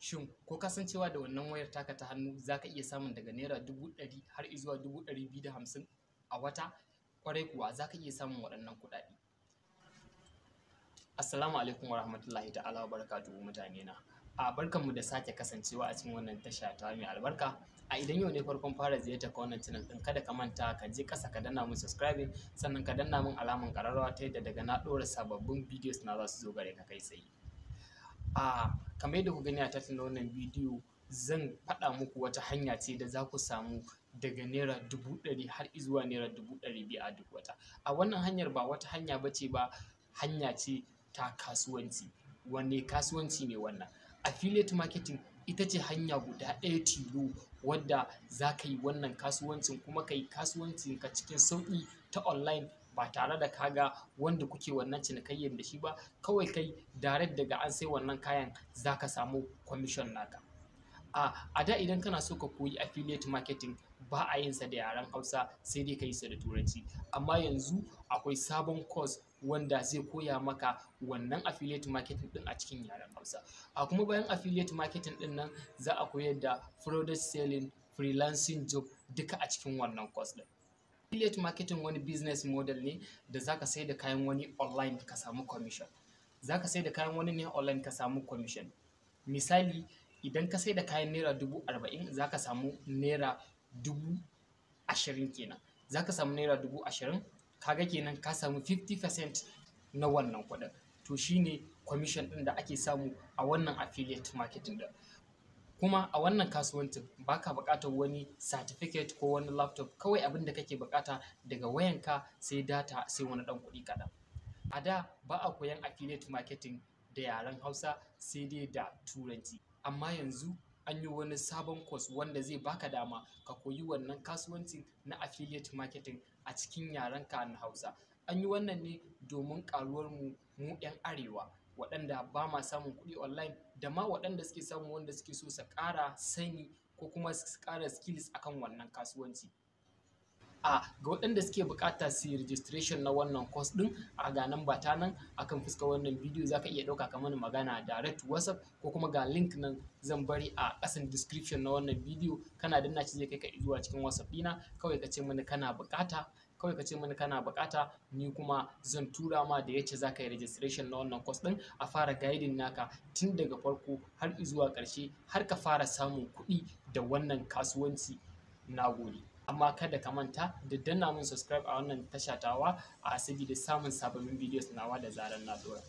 shin ko kasancewa da wannan wayar taka ta hannu za ka iya samun daga naira dubu ɗari har zuwa dubu ɗari biyu da hamsin a wata kwarai kuwa za ka iya samun waɗannan kuɗaɗe assalamu alaikum wa rahmatullahi ta'ala barka dubu mutane na a mu da sake kasancewa a cikin wannan tasha ta mai albarka a idan yau ne farkon fara ziyarta ka wannan tunan din kada ka manta ka je ƙasa ka danna mun subscribe sannan ka danna mun alaman ƙararrawa ta yadda daga na ɗora sababbin videos na za su zo gare ka kai tsaye a kamar yadda ku gani a tafin na wannan bidiyo zan faɗa muku wata hanya ce da za ku samu daga naira dubu ɗari har izuwa naira dubu ɗari biyu a duk wata a wannan hanyar ba wata hanya ba ce ba hanya ce ta kasuwanci wanne kasuwanci ne wannan affiliate marketing ita ce hanya guda ɗaya tilo wadda za ka yi wannan kasuwancin kuma ka yi kasuwancin ka cikin sauƙi ta online ba tare da kaga wanda kuke wannan cinikayyar da shi ba kawai kai direct daga an sai wannan kayan za ka samu commission naka a da idan kana so ka koyi affiliate marketing ba a yin sa da yaren hausa sai dai ka yi sa da turanci amma yanzu akwai sabon course wanda zai koya maka wannan affiliate marketing din a cikin yaren hausa a kuma bayan affiliate marketing din nan za a koyar da product selling freelancing job duka a cikin wannan course din affiliate marketing wani business model ne da zaka sai da kayan wani online ka samu commission zaka sai da kayan wani ne online ka samu commission misali idan ka sai da kayan naira dubu arba'in zaka samu naira dubu ashirin kenan zaka samu naira dubu ashirin kaga kenan ka samu 50% na wannan kuɗin to shine commission ɗin da ake samu a wannan affiliate marketing din kuma a wannan kasuwancin ba ka buƙatar wani certificate ko wani laptop kawai abin da kake buƙata daga wayanka sai data sai wani ɗan kuɗi kaɗan. A da ba a koyan affiliate marketing da yaren Hausa sai dai da Turanci amma yanzu an yi wani sabon course wanda zai baka dama ka koyi wannan kasuwanci na affiliate marketing a cikin yarenka na Hausa. An yi wannan ne domin ƙaruwar mu 'yan Arewa. waɗanda ba ma samun kuɗi online da ma waɗanda suke samu wanda suke so su ƙara sani ko kuma su ƙara skills akan wannan kasuwanci a ga waɗanda suke buƙata su yi registration na wannan course ɗin a ga nan ba ta nan akan fuska wannan bidiyo zaka iya ɗauka ka mana magana direct whatsapp ko kuma ga link nan zan bari a ƙasan description na wannan bidiyo kana danna shi zai kai ka zuwa cikin whatsapp ɗina kawai ka ce mana kana buƙata kawai ka ce mini kana bukata ni kuma zan tura ma da yace za ka yi registration na wannan course ɗin a fara guiding naka tun daga farko har zuwa karshe har ka fara samun kuɗi da wannan kasuwanci na gode amma kada ka manta da danna mun subscribe a wannan tasha tawa a da samun sababbin videos nawa da zaran na dora